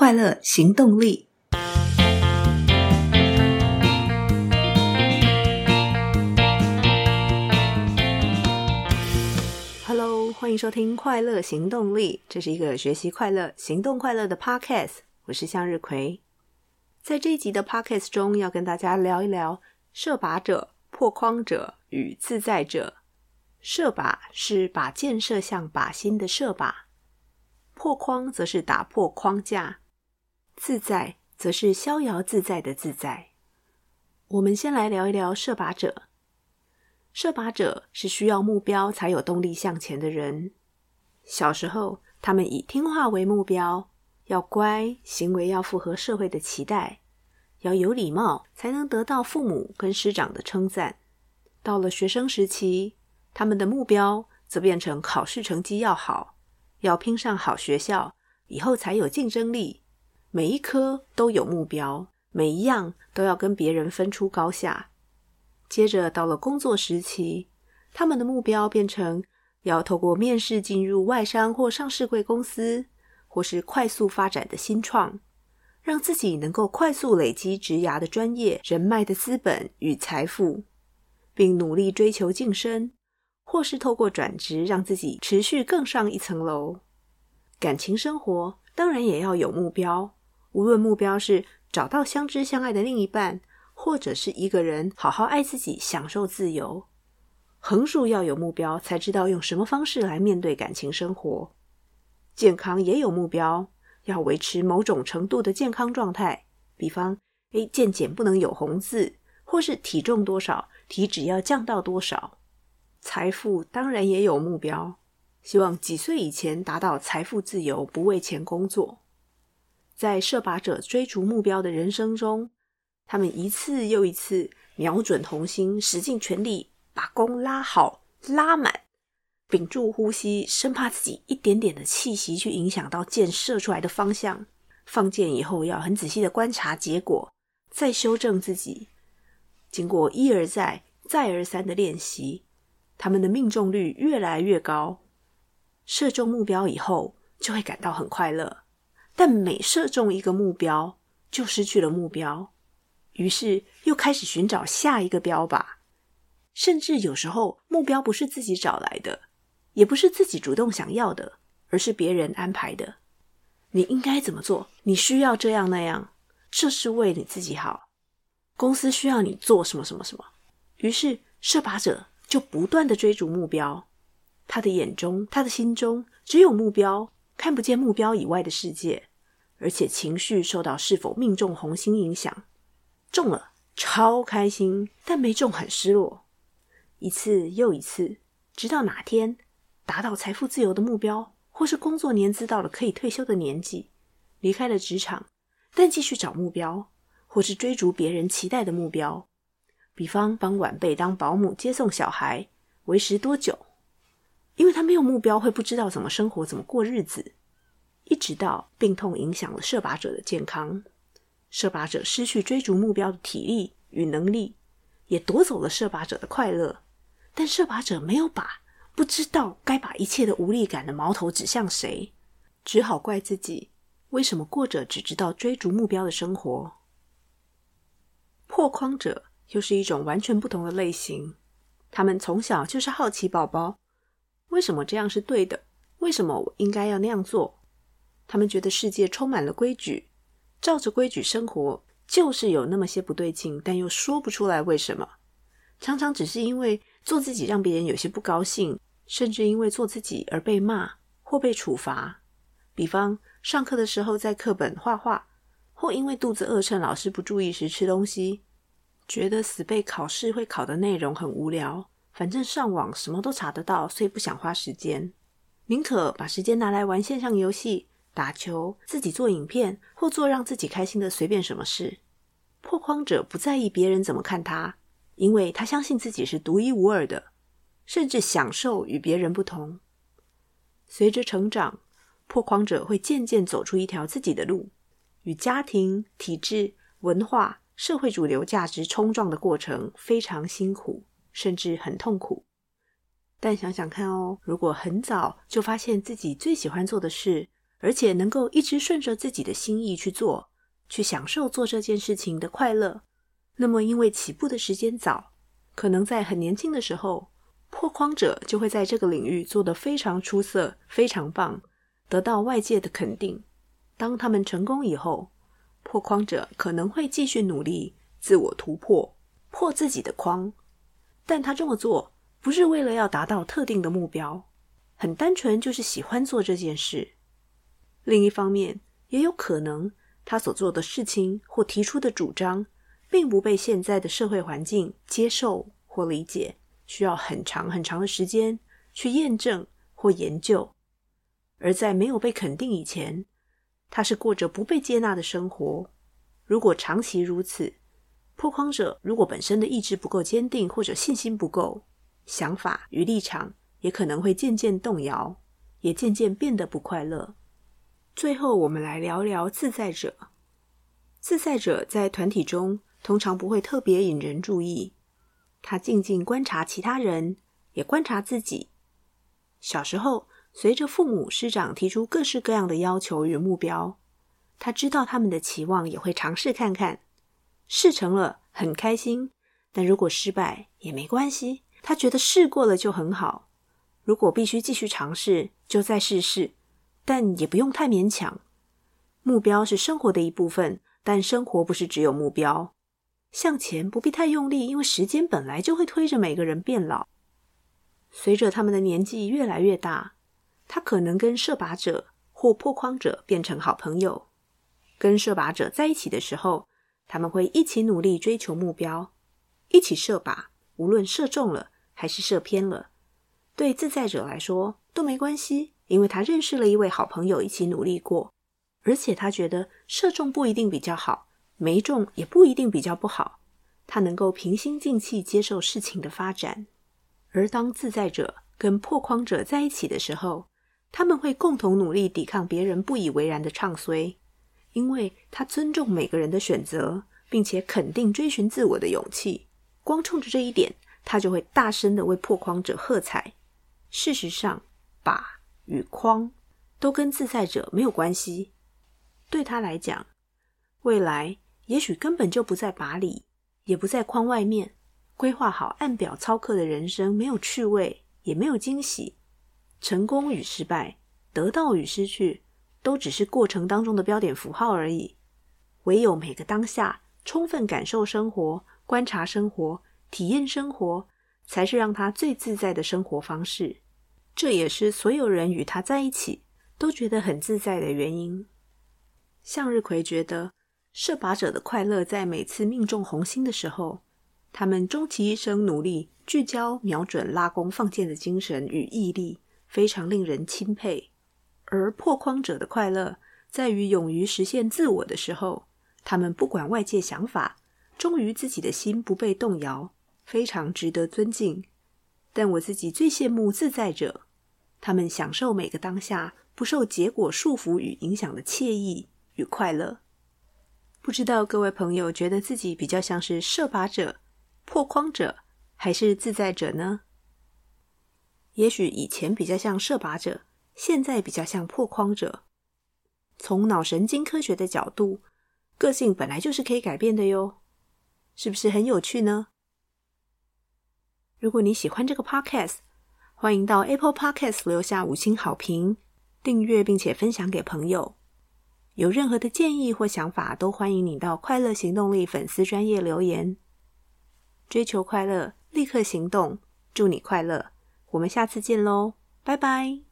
快樂行動力，Hello，歡迎收聽快樂行動力。這是一個學習快樂、行動快樂的 Podcast。我是向日葵。在這一集的 Podcast 中，要跟大家聊一聊射靶者、破框者與自在者。射靶是把箭射向靶心的射靶，破框則是打破框架。自在則是逍遙自在的自在。我們先來聊一聊射靶者。射靶者是需要目標才有動力向前的人。小時候，他們以聽話為目標，要乖，行為要符合社會的期待，要有禮貌，才能得到父母跟師長的稱讚。到了學生時期，他們的目標則變成考試成績要好，要拼上好學校，以後才有競爭力。每一科都有目標，每一樣都要跟別人分出高下。接着到了工作時期，他們的目標變成要透過面試進入外商或上市櫃公司，或是快速發展的新創，讓自己能夠快速累積職涯的專業人脈的資本與財富，並努力追求晉升，或是透過轉職讓自己持續更上一層樓。感情生活當然也要有目標。無論目標是找到相知相愛的另一半，或者是一個人好好愛自己、享受自由，橫豎要有目標，才知道用什麼方式來面對感情生活。健康也有目標，要維持某種程度的健康狀態，比方，哎，健檢不能有紅字，或是體重多少，體脂要降到多少。財富當然也有目標，希望幾歲以前達到財富自由，不為錢工作。在射靶者追逐目標的人生中，他們一次又一次瞄準紅心，使盡全力把弓拉好拉滿，屏住呼吸，生怕自己一點點的氣息去影響到箭射出來的方向。放箭以後，要很仔細的觀察結果，再修正自己。經過一而再、再而三的練習，他們的命中率越來越高。射中目標以後，就會感到很快樂。但每射中一個目標，就失去了目標，於是又開始尋找下一個標靶。甚至有時候，目標不是自己找來的，也不是自己主動想要的，而是別人安排的。你應該怎麼做？你需要這樣那樣，這是為你自己好。公司需要你做什麼什麼什麼，於是射靶者就不斷的追逐目標。他的眼中，他的心中只有目標，看不見目標以外的世界。而且情緒受到是否命中紅心影響，中了超開心，但沒中很失落。一次又一次，直到哪天達到財富自由的目標，或是工作年資到了可以退休的年紀，離開了職場，但繼續找目標，或是追逐別人期待的目標，比方幫晚輩當保姆接送小孩，為時多久？因為他沒有目標，會不知道怎麼生活，怎麼過日子。一直到病痛影響了射靶者的健康，射靶者失去追逐目標的體力與能力，也奪走了射靶者的快樂。但射靶者沒有靶，不知道該把一切的無力感的矛頭指向誰，只好怪自己，為什麼過着只知道追逐目標的生活。破框者又是一種完全不同的類型，他們從小就是好奇寶寶。為什麼這樣是對的？為什麼我應該要那樣做？他們覺得世界充滿了規矩，照着規矩生活就是有那麼些不對勁，但又說不出來為什麼。常常只是因為做自己讓別人有些不高興，甚至因為做自己而被罵或被處罰。比方上課的時候在課本畫畫，或因為肚子餓趁老師不注意時吃東西。覺得死背考試會考的內容很無聊，反正上網什麼都查得到，所以不想花時間，寧可把時間拿來玩線上遊戲。打球，自己做影片，或做讓自己開心的隨便什麼事。破框者不在意別人怎麼看他，因為他相信自己是獨一無二的，甚至享受與別人不同。隨着成長，破框者會漸漸走出一條自己的路，與家庭、體制、文化、社會主流價值衝撞的過程非常辛苦，甚至很痛苦。但想想看哦，如果很早就發現自己最喜歡做的事，而且能夠一直順着自己的心意去做，去享受做這件事情的快樂。那麼，因為起步的時間早，可能在很年輕的時候，破框者就會在這個領域做得非常出色、非常棒，得到外界的肯定。當他們成功以後，破框者可能會繼續努力自我突破，破自己的框。但他這麼做不是為了要達到特定的目標，很單純就是喜歡做這件事。另一方面，也有可能他所做的事情或提出的主張，並不被現在的社會環境接受或理解，需要很長很長的時間去驗證或研究。而在沒有被肯定以前，他是過着不被接納的生活。如果長期如此，破框者如果本身的意志不夠堅定或者信心不夠，想法與立場也可能會漸漸動搖，也漸漸變得不快樂。最後，我們來聊聊自在者。自在者在團體中通常不會特別引人注意，他靜靜觀察其他人，也觀察自己。小時候，隨着父母師長提出各式各樣的要求與目標，他知道他們的期望，也會嘗試看看。試成了很開心，但如果失敗也沒關係，他覺得試過了就很好。如果必須繼續嘗試，就再試試。但也不用太勉強。目標是生活的一部分，但生活不是只有目標。向前不必太用力，因為時間本來就會推着每個人變老。隨着他們的年紀越來越大，他可能跟射靶者或破框者變成好朋友。跟射靶者在一起的時候，他們會一起努力追求目標，一起射靶。無論射中了還是射偏了，對自在者來說都沒關係。因為他認識了一位好朋友，一起努力過，而且他覺得射中不一定比較好，沒中也不一定比較不好。他能夠平心靜氣接受事情的發展。而當自在者跟破框者在一起的時候，他們會共同努力抵抗別人不以為然的唱衰，因為他尊重每個人的選擇，並且肯定追尋自我的勇氣。光衝着這一點，他就會大聲地為破框者喝彩。事實上，把與框都跟自在者沒有關係。對他來講，未來也許根本就不在靶裡，也不在框外面。規劃好按表操課的人生沒有趣味，也沒有驚喜。成功與失敗，得到與失去，都只是過程當中的標點符號而已。唯有每個當下，充分感受生活、觀察生活、體驗生活，才是讓他最自在的生活方式。這也是所有人與他在一起都覺得很自在的原因。向日葵覺得射靶者的快樂在每次命中紅心的時候，他們終其一生努力聚焦、瞄準、拉弓放箭的精神與毅力非常令人欽佩；而破框者的快樂在於勇於實現自我的時候，他們不管外界想法，忠於自己的心不被動搖，非常值得尊敬。但我自己最羨慕自在者，他們享受每個當下不受結果束縛與影響的愜意與快樂。不知道各位朋友覺得自己比較像是射靶者、破框者，還是自在者呢？也許以前比較像射靶者，現在比較像破框者。從腦神經科學的角度，個性本來就是可以改變的喲，是不是很有趣呢？如果你喜歡這個 Podcast，歡迎到 Apple Podcast 留下五星好評、訂閱並且分享給朋友。有任何的建議或想法，都歡迎你到快樂行動力粉絲專頁留言。追求快樂，立刻行動，祝你快樂！我們下次見嘍，拜拜。